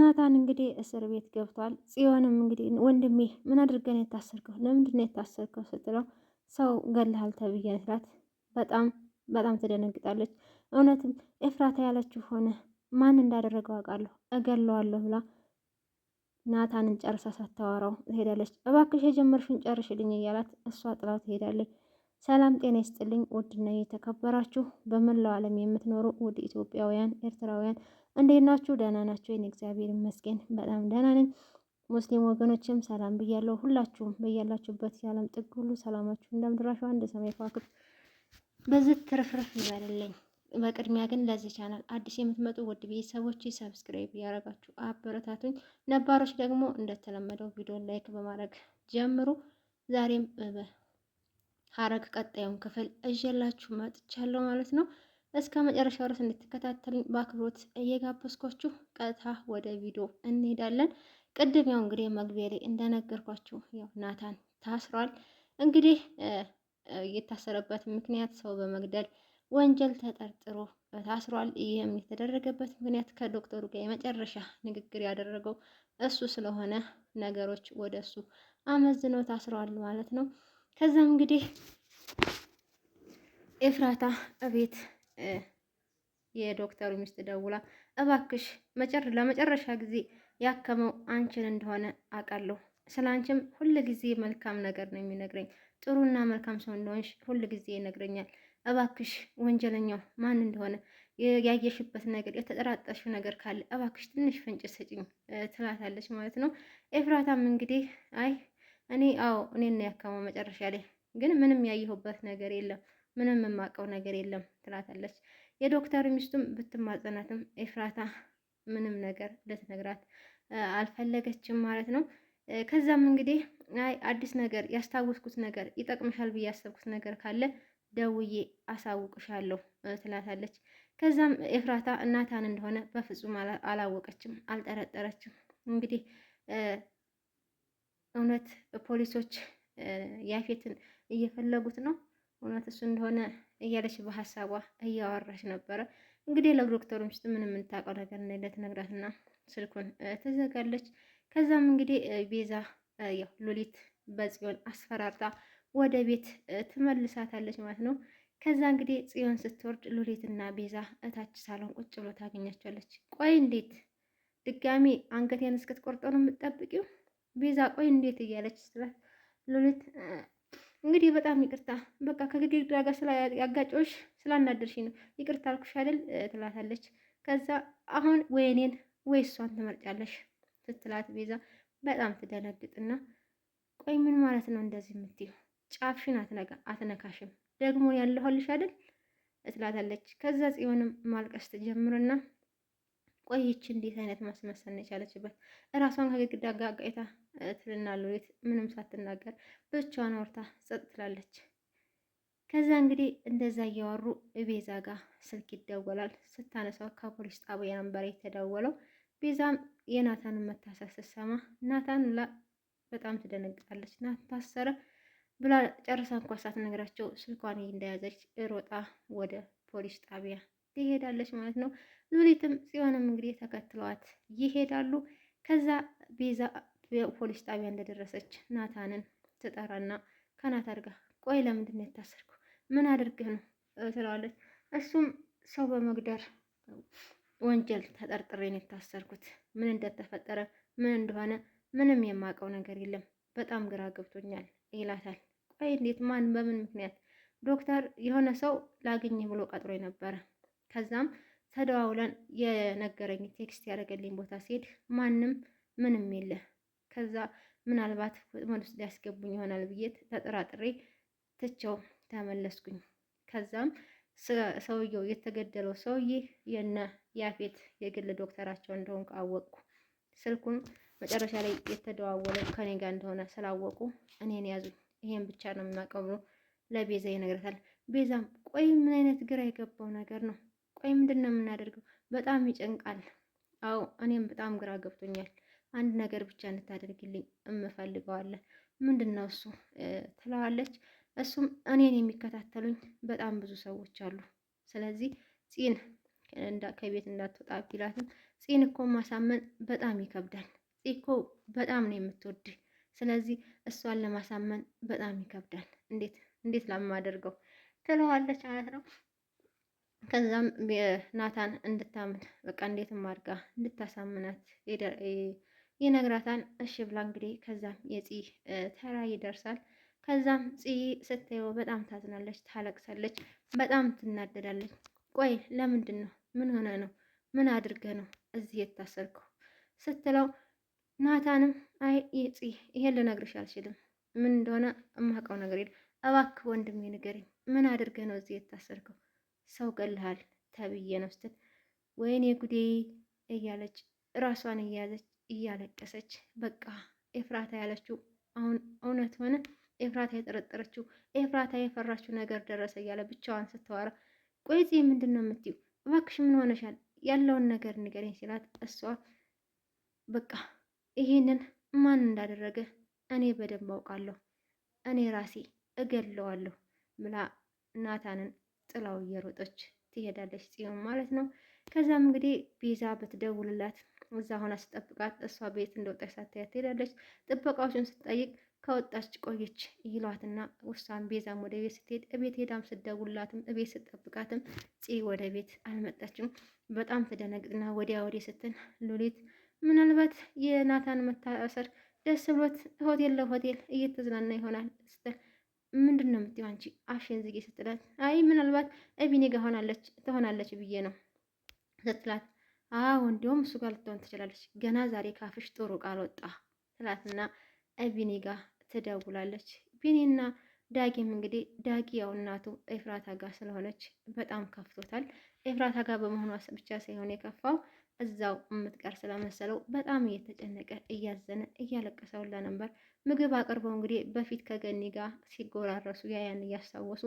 ናታን እንግዲህ እስር ቤት ገብቷል። ጽዮንም እንግዲህ ወንድሜ ምን አድርገን የታሰርከው ለምንድን ነው የታሰርከው ስትለው ሰው ገለሃል ተብያ ስላት በጣም በጣም ትደነግጣለች። እውነትም ኤፍራታ ያለችው ሆነ ማን እንዳደረገው አውቃለሁ እገለዋለሁ ብላ ናታንን ጨርሳ ሳታወራው ትሄዳለች። እባክሽ የጀመርሽን ጨርሽልኝ እያላት እሷ ጥላው ትሄዳለች። ሰላም ጤና ይስጥልኝ ውድና የተከበራችሁ በመላው ዓለም የምትኖሩ ውድ ኢትዮጵያውያን ኤርትራውያን እንዴት ናችሁ? ደህና ናችሁ? ይህን እግዚአብሔር ይመስገን በጣም ደህና ነኝ። ሙስሊም ወገኖችም ሰላም ብያለሁ። ሁላችሁም በያላችሁበት የዓለም ጥግ ሁሉ ሰላማችሁ እንደ አንድ ሰማይ ከዋክብት በዚህ ትርፍርፍ ይበልልኝ። በቅድሚያ ግን ለዚህ ቻናል አዲስ የምትመጡ ውድ ቤተሰቦች ሰብስክራይብ ያደረጋችሁ አበረታቱኝ። ነባሮች ደግሞ እንደተለመደው ቪዲዮ ላይክ በማድረግ ጀምሩ። ዛሬም ሀረግ ቀጣዩን ክፍል እዤላችሁ መጥቻለሁ ማለት ነው። እስከ መጨረሻው ድረስ እንድትከታተሉኝ በአክብሮት እየጋበዝኳችሁ ቀጥታ ወደ ቪዲዮ እንሄዳለን። ቅድም ያው እንግዲህ መግቢያ ላይ እንደነገርኳችሁ ያው ናታን ታስሯል። እንግዲህ የታሰረበት ምክንያት ሰው በመግደል ወንጀል ተጠርጥሮ ታስሯል። ይህም የተደረገበት ምክንያት ከዶክተሩ ጋር የመጨረሻ ንግግር ያደረገው እሱ ስለሆነ ነገሮች ወደ እሱ አመዝኖ ታስረዋል ማለት ነው። ከዛም እንግዲህ ኤፍራታ እቤት የዶክተሩ ሚስት ደውላ እባክሽ ለመጨረሻ ጊዜ ያከመው አንቺን እንደሆነ አውቃለሁ። ስለ አንቺም ሁል ጊዜ መልካም ነገር ነው የሚነግረኝ። ጥሩና መልካም ሰው እንደሆንሽ ሁል ጊዜ ይነግረኛል። እባክሽ ወንጀለኛው ማን እንደሆነ ያየሽበት ነገር የተጠራጠርሽ ነገር ካለ እባክሽ ትንሽ ፍንጭ ሰጭኝ ትላታለች ማለት ነው። ኤፍራታም እንግዲህ አይ እኔ አዎ እኔን ያከመው መጨረሻ ላይ ግን ምንም ያየሁበት ነገር የለም ምንም የማውቀው ነገር የለም ትላታለች። የዶክተር ሚስቱም ብትማጸናትም ኤፍራታ ምንም ነገር ልትነግራት አልፈለገችም ማለት ነው። ከዛም እንግዲህ አይ አዲስ ነገር ያስታወስኩት ነገር ይጠቅምሻል ብዬ ያሰብኩት ነገር ካለ ደውዬ አሳውቅሻለሁ ትላታለች። ከዛም ኤፍራታ እናታን እንደሆነ በፍጹም አላወቀችም፣ አልጠረጠረችም። እንግዲህ እውነት ፖሊሶች ያፌትን እየፈለጉት ነው እውነት እሱ እንደሆነ እያለች በሀሳቧ እያወራች ነበረ። እንግዲህ ለዶክተሩ ሚስት ምን የምታውቀው ነገር እንደሌለ ትነግራትና ስልኩን ትዘጋለች። ከዛም እንግዲህ ቤዛ ያው ሉሊት በጽዮን አስፈራርታ ወደ ቤት ትመልሳታለች ማለት ነው። ከዛ እንግዲህ ጽዮን ስትወርድ ሉሊትና ቤዛ እታች ሳሎን ቁጭ ብሎ ታገኛቸዋለች። ቆይ እንዴት ድጋሚ አንገቴን እስክትቆርጠው ነው የምትጠብቂው? ቤዛ ቆይ እንዴት እያለች ስትላት ሉሊት እንግዲህ በጣም ይቅርታ በቃ ከግድግዳ ጋር ስላያጋጨሁሽ ስላናደርሽ ነው ይቅርታ አልኩሽ አይደል ትላታለች። ከዛ አሁን ወይ እኔን ወይ እሷን ትመርጫለሽ ስትላት ቤዛ በጣም ትደነግጥና ቆይ ምን ማለት ነው እንደዚህ የምትይው? ጫፍሽን አትነካሽም ደግሞ ያለሁልሽ አይደል ትላታለች። ከዛ ጽዮንም ማልቀስ ትጀምርና ቆይች እንዴት አይነት ማስመሰል ነው የቻለችበት? እራሷን ከግድግዳ ጋር አጋጭታ ትልና ሉሊት ምንም ሳትናገር ብቻዋን ወርታ ጸጥ ትላለች። ከዛ እንግዲህ እንደዛ እያወሩ ቤዛ ጋር ስልክ ይደወላል። ስታነሳው ከፖሊስ ጣቢያ ነበር የተደወለው። ቤዛም የናታንን መታሰር ስትሰማ ናታን ላ በጣም ትደነግጣለች። ናታን ታሰረ ብላ ጨርሳ እንኳ ሳትነግራቸው ስልኳን እንደያዘች እሮጣ ወደ ፖሊስ ጣቢያ ትሄዳለች ማለት ነው። ሉሊትም ጽዮንም እንግዲህ ተከትለዋት ይሄዳሉ። ከዛ ቤዛ ፖሊስ ጣቢያ እንደደረሰች ናታንን ትጠራና ከናታን ጋር ቆይ ለምንድን ነው የታሰርኩ? ምን አድርገህ ነው ትለዋለች። እሱም ሰው በመግደር ወንጀል ተጠርጥሬ ነው የታሰርኩት። ምን እንደተፈጠረ ምን እንደሆነ ምንም የማውቀው ነገር የለም። በጣም ግራ ገብቶኛል ይላታል። ቆይ እንዴት? ማን? በምን ምክንያት? ዶክተር የሆነ ሰው ላግኝ ብሎ ቀጥሮ ነበረ ከዛም ተደዋውለን የነገረኝ ቴክስት ያደረገልኝ ቦታ ሲሄድ ማንም ምንም የለ። ከዛ ምናልባት ወጥመድ ውስጥ ሊያስገቡኝ ይሆናል ብዬ ተጠራጥሬ ትቸው ተመለስኩኝ። ከዛም ሰውየው የተገደለው ሰውዬ የነ ያፌት የግል ዶክተራቸው እንደሆንኩ አወቅኩ። ስልኩን መጨረሻ ላይ የተደዋወለው ከኔ ጋር እንደሆነ ስላወቁ እኔን ያዙኝ። ይሄን ብቻ ነው የማውቀው ለቤዛ ይነግረታል። ቤዛም ቆይ ምን አይነት ግራ የገባው ነገር ነው ቆይ ምንድን ነው የምናደርገው? በጣም ይጨንቃል። አዎ እኔም በጣም ግራ ገብቶኛል። አንድ ነገር ብቻ እንታደርግልኝ እምፈልገዋለን። ምንድን ነው እሱ ትለዋለች። እሱም እኔን የሚከታተሉኝ በጣም ብዙ ሰዎች አሉ። ስለዚህ ጺን ከቤት እንዳትወጣ ቢላትም ፂን እኮ ማሳመን በጣም ይከብዳል። ጺ እኮ በጣም ነው የምትወድ። ስለዚህ እሷን ለማሳመን በጣም ይከብዳል። እንዴት እንዴት ላማደርገው ትለዋለች ማለት ነው። ከዛም ናታን እንድታምን በቃ እንዴትም አድርጋ እንድታሳምናት ይነግራታን። እሺ ብላ እንግዲህ ከዛም የፂ ተራ ይደርሳል። ከዛም ፂ ስታየው በጣም ታዝናለች፣ ታለቅሳለች፣ በጣም ትናደዳለች። ቆይ ለምንድን ነው? ምን ሆነ ነው? ምን አድርገ ነው እዚህ የታሰርከው? ስትለው ናታንም አይ ፂ ይሄን ልነግርሽ አልችልም፣ ምን እንደሆነ እማውቀው ነገር የለም። እባክህ ወንድሜ ንገሪኝ፣ ምን አድርገ ነው እዚህ የታሰርከው ሰው ገለሃል ተብዬ ነው ስትል ወይኔ ጉዴ እያለች ራሷን እያያዘች እያለቀሰች በቃ ኤፍራታ ያለችው አሁን እውነት ሆነ። ኤፍራታ የጠረጠረችው ኤፍራታ የፈራችው ነገር ደረሰ እያለ ብቻዋን ስተዋራ፣ ቆይ ምንድን ነው የምትይው? እባክሽ ምን ሆነሻል? ያለውን ነገር ንገረኝ ሲላት እሷ በቃ ይህንን ማን እንዳደረገ እኔ በደንብ አውቃለሁ፣ እኔ ራሴ እገለዋለሁ ብላ ናታንን ጥላው እየሮጠች ትሄዳለች ጽዮን ማለት ነው። ከዛም እንግዲህ ቤዛ ብትደውልላት እዛ አሁን አስጠብቃት እሷ ቤት እንደወጣች ሳታያት ትሄዳለች። ጥበቃዎችን ስትጠይቅ ከወጣች ቆየች ይሏትና ውሳን ቤዛም ወደ ቤት ስትሄድ እቤት ሄዳም ስደውልላትም እቤት ስጠብቃትም ጽ ወደ ቤት አልመጣችም። በጣም ትደነግጥና ወዲያ ወዲህ ስትል ሉሊት ምናልባት የናታን መታሰር ደስ ብሎት ሆቴል ለሆቴል እየተዝናና ይሆናል ስትል ምንድን ነው የምትይው አንቺ አፍሽን ዝጊ ስትላት፣ አይ ምናልባት እቢኔ ጋር ሆናለች ትሆናለች ብዬ ነው ስትላት፣ አዎ እንዲሁም እሱ ጋር ልትሆን ትችላለች፣ ገና ዛሬ ካፍሽ ጥሩ ቃል ወጣ ትላትና እቢኔ ጋር ትደውላለች። ቢኔና ዳጊም እንግዲህ ዳጊ ያው እናቱ ኤፍራታ ጋር ስለሆነች በጣም ከፍቶታል። ኤፍራታ ጋር በመሆኗ ብቻ ሳይሆን የከፋው እዛው የምትቀር ስለመሰለው በጣም እየተጨነቀ እያዘነ እያለቀሰ ሁላ ነበር። ምግብ አቅርበው እንግዲህ በፊት ከገኒ ጋር ሲጎራረሱ ያያን እያስታወሱ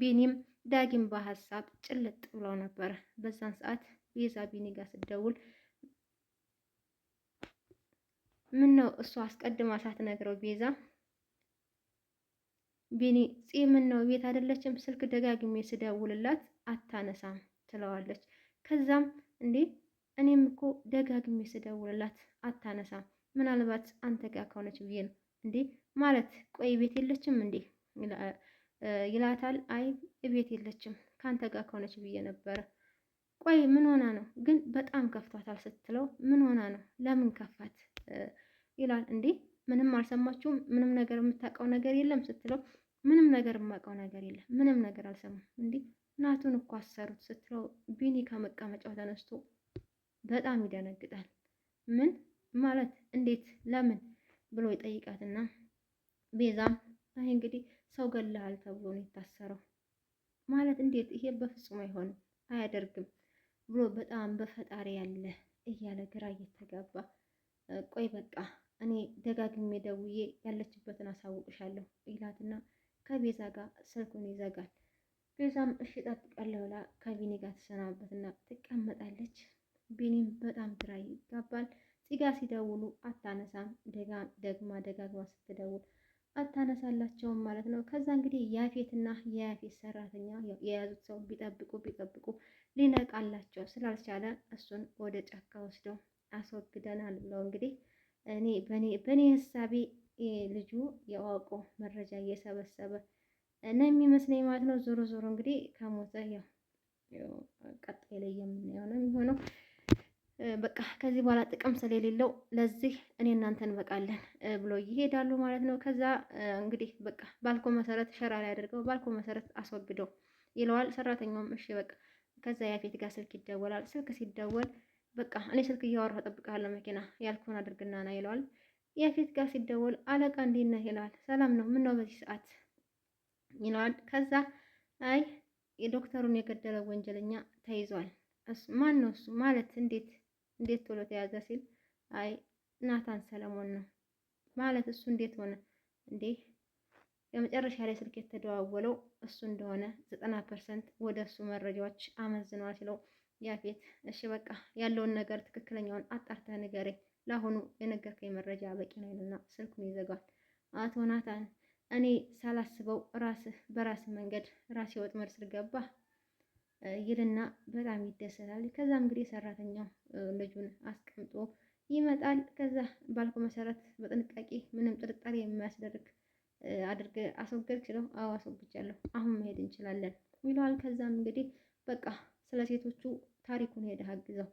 ቢኒም ዳጊም በሀሳብ ጭልጥ ብለው ነበር። በዛን ሰዓት ቤዛ ቢኒ ጋር ስደውል ምን ነው እሷ አስቀድማ ሳትነግረው ቤዛ ቢኒ ፂ ምን ነው ቤት አይደለችም? ስልክ ደጋግሜ ስደውልላት አታነሳም ትለዋለች። ከዛም እንዴ እኔም እኮ ደጋግሜ ስደውልላት አታነሳም። ምናልባት አንተ ጋር ከሆነች ብዬ ነው እንዴ ማለት ቆይ ቤት የለችም እንዴ ይላታል። አይ ቤት የለችም ከአንተ ጋር ከሆነች ብዬ ነበረ። ቆይ ምን ሆና ነው ግን በጣም ከፍቷታል ስትለው ምን ሆና ነው ለምን ከፋት ይላል። እንዴ ምንም አልሰማችሁም? ምንም ነገር የምታውቀው ነገር የለም ስትለው ምንም ነገር የማውቀው ነገር የለም ምንም ነገር አልሰማም። እንዴ ናቱን እኮ አሰሩት ስትለው ቢኒ ከመቀመጫው ተነስቶ በጣም ይደነግጣል። ምን ማለት እንዴት ለምን ብሎ ይጠይቃትና ቤዛም አይ እንግዲህ ሰው ገለሃል ተብሎ ነው የታሰረው ማለት እንዴት ይሄ በፍጹም አይሆንም አያደርግም ብሎ በጣም በፈጣሪ ያለ እያለ ግራ እየተጋባ ቆይ በቃ እኔ ደጋግሜ ደውዬ ያለችበትን አሳውቅሻለሁ ይላትና ከቤዛ ጋር ስልኩን ይዘጋል። ቤዛም እሺ እጠብቃለሁ ብላ ከቢኒ ጋር ትሰናበትና ትቀመጣለች። ቢኒም በጣም ግራ ይጋባል። ጽጋ ሲደውሉ አታነሳም። ደግማ ደጋግማ ስትደውል አታነሳላቸውም ማለት ነው። ከዛ እንግዲህ ያፌትና የያፌት ሰራተኛ የያዙት ሰው ቢጠብቁ ቢጠብቁ ሊነቃላቸው ስላልቻለ እሱን ወደ ጫካ ወስደው አስወግደናል ብለው እንግዲህ እኔ በእኔ ህሳቤ ልጁ የዋቆ መረጃ እየሰበሰበ እና የሚመስለኝ ማለት ነው። ዞሮ ዞሮ እንግዲህ ከሞተ ያው ቀጣይ ላይ የምናየው ነው የሚሆነው። በቃ ከዚህ በኋላ ጥቅም ስለሌለው ለዚህ እኔ እናንተ እንበቃለን ብሎ ይሄዳሉ ማለት ነው። ከዛ እንግዲህ በቃ ባልኮ መሰረት ሸራ ላይ አድርገው ባልኮ መሰረት አስወግደው ይለዋል። ሰራተኛውም እሺ በቃ ከዛ ያፌት ጋር ስልክ ይደወላል። ስልክ ሲደወል በቃ እኔ ስልክ እያወራሁ እጠብቅሃለሁ መኪና ያልኩህን አድርግና ና ይለዋል። ያፌት ጋር ሲደወል አለቃ እንዴት ነህ ይለዋል። ሰላም ነው ነው በዚህ ሰዓት ይለዋል። ከዛ አይ የዶክተሩን የገደለው ወንጀለኛ ተይዟል። ማን ነው እሱ ማለት እንዴት እንዴት ቶሎ ተያዘ ሲል አይ ናታን ሰለሞን ነው ማለት እሱ እንዴት ሆነ እንዴ? የመጨረሻ ላይ ስልክ የተደዋወለው እሱ እንደሆነ ዘጠና ፐርሰንት ወደ እሱ መረጃዎች አመዝነዋል ሲለው ያፌት እሺ በቃ ያለውን ነገር ትክክለኛውን አጣርተህ ንገረኝ፣ ለአሁኑ የነገርከኝ መረጃ በቂ ነው ይልና ስልኩን ይዘጋል። አቶ ናታን እኔ ሳላስበው ራስህ በራስህ መንገድ ራሴ ወጥመድ ስልገባ ይልና በጣም ይደሰታል። ከዛ እንግዲህ ሰራተኛው ልጁን አስቀምጦ ይመጣል። ከዛ ባልኮ መሰረት በጥንቃቄ ምንም ጥርጣሬ የማያስደርግ አድርገ አስወገድ ችለው አዎ አስወግጃለሁ፣ አሁን መሄድ እንችላለን ይለዋል። ከዛም እንግዲህ በቃ ስለ ሴቶቹ ታሪኩን ሄደህ አግዘው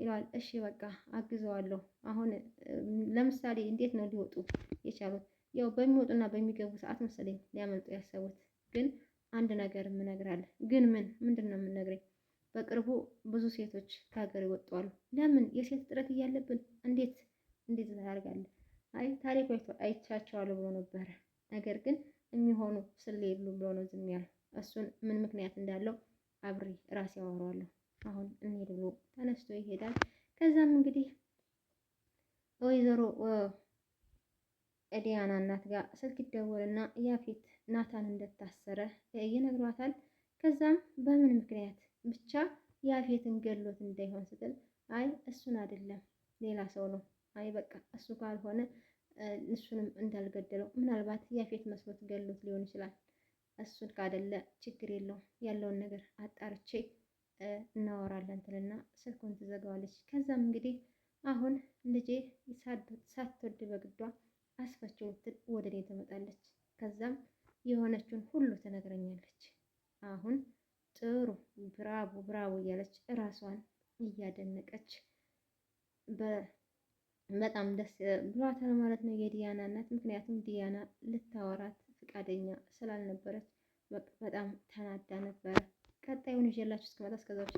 ይለዋል። እሺ በቃ አግዘዋለሁ። አሁን ለምሳሌ እንዴት ነው ሊወጡ የቻሉት? ያው በሚወጡና በሚገቡ ሰዓት መሰለኝ ሊያመልጡ ያሰቡት ግን አንድ ነገር የምነግራለሁ። ግን ምን ምንድን ነው የምነግረኝ? በቅርቡ ብዙ ሴቶች ከሀገር ይወጣሉ። ለምን የሴት እጥረት እያለብን እንዴት እንዴት ታደርጋለህ? አይ ታሪክ አይቻቸዋለሁ ብሎ ነበረ። ነገር ግን የሚሆኑ ስለሌሉ ብሎ ነው ዝም ያለው። እሱን ምን ምክንያት እንዳለው አብሬ ራሴ አወራዋለሁ። አሁን እንሂድ ብሎ ተነስቶ ይሄዳል። ከዛም እንግዲህ ወይዘሮ ኤዲያና እናት ጋር ስልክ ይደወልና ያፊት ናታን እንደታሰረ ይነግሯታል። ከዛም በምን ምክንያት ብቻ ያፌትን ገሎት እንዳይሆን ስትል አይ እሱን አይደለም ሌላ ሰው ነው። አይ በቃ እሱ ካልሆነ እሱንም እንዳልገደለው ምናልባት ያፌት መስሎት ገሎት ሊሆን ይችላል። እሱን ካደለ ችግር የለውም ያለውን ነገር አጣርቼ እናወራለን ትልና ስልኩን ትዘጋዋለች። ከዛም እንግዲህ አሁን ልጄ ሳትወድ በግዷ አስፈችውትን ወደ እኔ ትመጣለች። ከዛም የሆነችውን ሁሉ ትነግረኛለች። አሁን ጥሩ ብራቦ ብራቦ እያለች እራሷን እያደነቀች በጣም ደስ ብሏታል ማለት ነው የዲያና እናት። ምክንያቱም ዲያና ልታወራት ፈቃደኛ ስላልነበረች በጣም ተናዳ ነበረ። ቀጣዩን ይዤላችሁ እስክመጣ እስከዛው